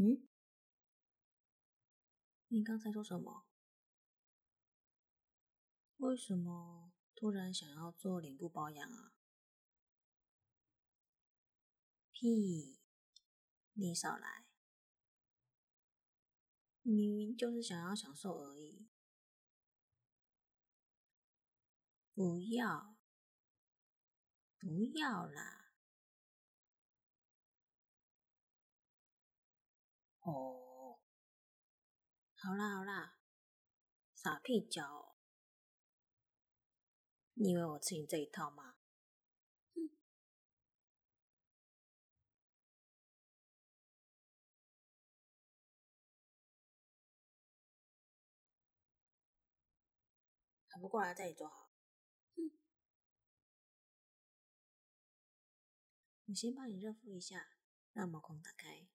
嗯，你剛才說什麼？為什麼突然想要做臉部保養啊？屁，你少來！你明明就是想要享受而已。不要，不要啦！哦、oh，好啦好啦，傻屁膠，你以為我吃你這一套嗎？哼，還不過來在這裡坐好，哼，我先幫你熱敷一下，讓毛孔打開。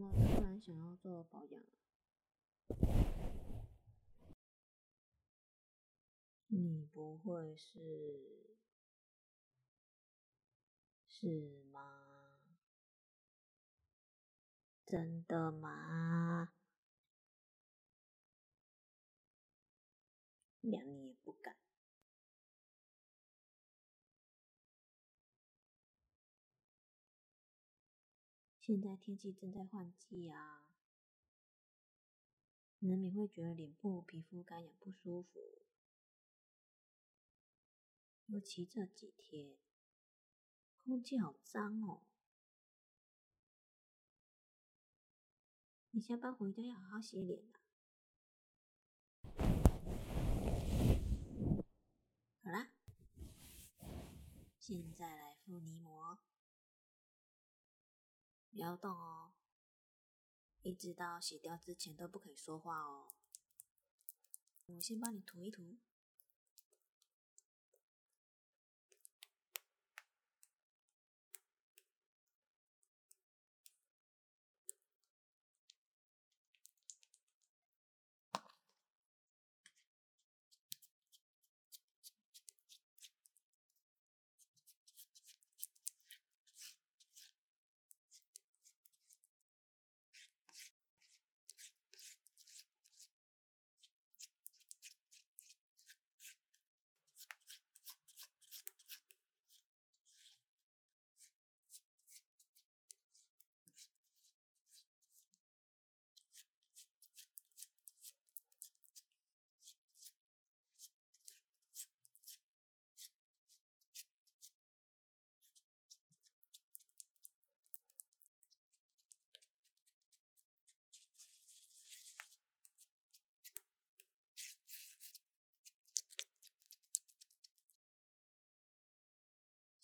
我突然想要做保養，你不會是是嗎？真的嗎？現在天氣正在換季啊，難免會覺得臉部皮膚乾癢不舒服，尤其這幾天空氣好髒哦、喔。你下班回家要好好洗臉啦、啊。好啦，現在來敷泥膜。不要動哦，一直到洗掉之前都不可以說話哦。我先幫你塗一塗。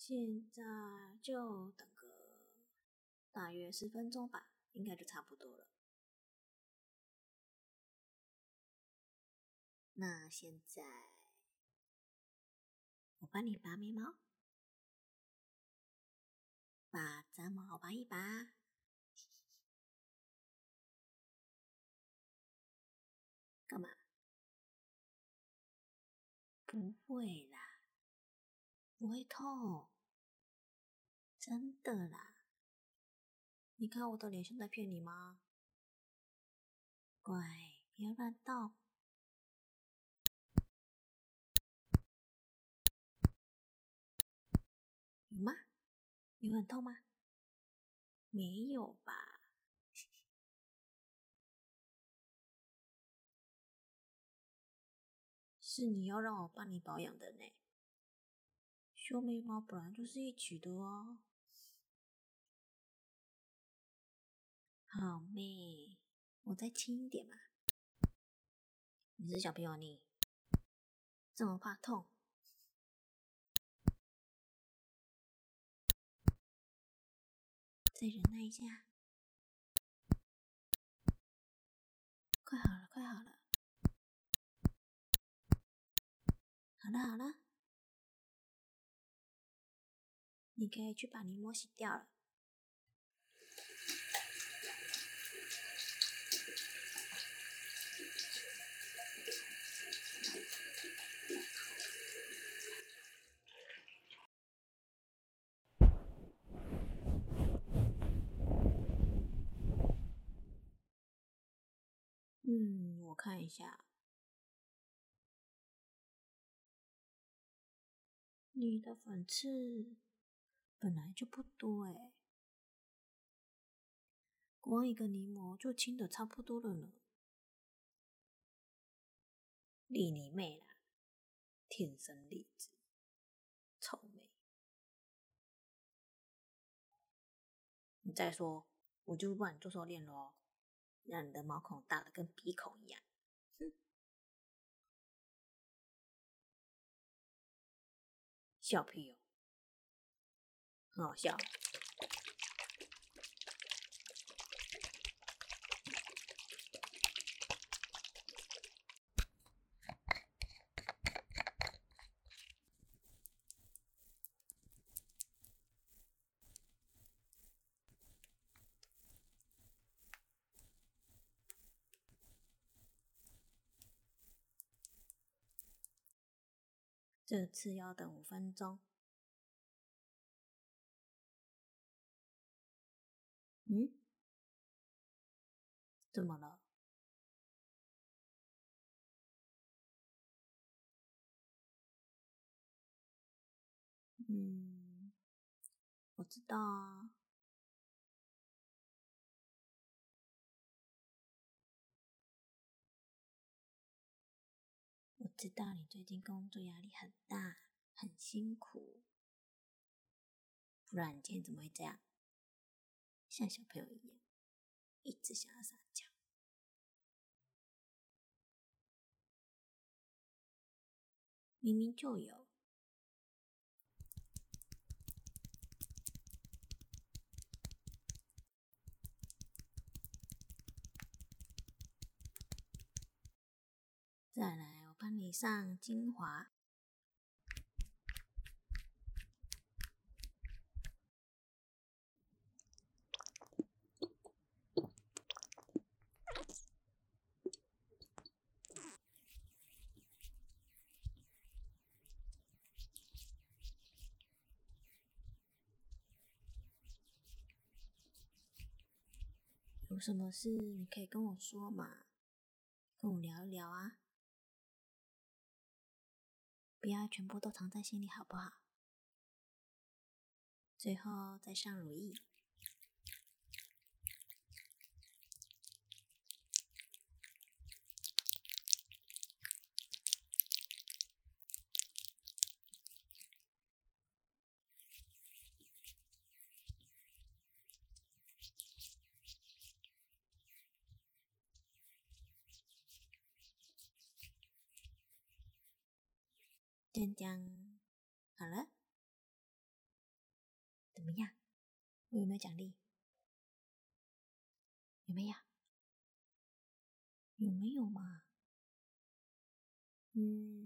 現在就等個大約十分鐘吧，應該就差不多了。那現在我幫你拔眉毛，把雜毛拔一拔。幹嘛？不會啦，不會痛。真的啦，你看我的臉像在騙你嗎？喂，別亂動。有嗎？有很痛嗎？沒有吧？ 是你要讓我幫你保養的呢。修眉毛本來就是一起的哦。好妹，我再輕一點嘛。你是小朋友呢，這麼怕痛，再忍耐一下，快好了，快好了，好了好了，你可以去把泥膜洗掉了。我看一下，你的粉刺本來就不多哎，光一個泥膜就清得差不多了呢。麗你妹啦！天生麗質。臭美。你再說，我就不幫你做瘦臉嘍，讓你的毛孔大的跟鼻孔一樣。哼，笑屁喲，哦，很好笑。這次要等五分鐘。嗯？怎麼了？嗯，我知道啊。知道你最近工作壓力很大，很辛苦，不然你今天怎麼會這樣？像小朋友一樣，一直想要撒嬌，明明就有。上精華，有什麼事你可以跟我說嘛，跟我聊一聊啊。不要全部都藏在心裡，好不好？最後再上乳液。鏘鏘，好了，怎麼樣？我有沒有獎勵？有沒有？有沒有嘛？嗯。